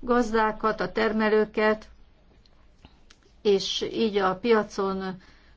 gazdákat, a termelőket, és így a piacon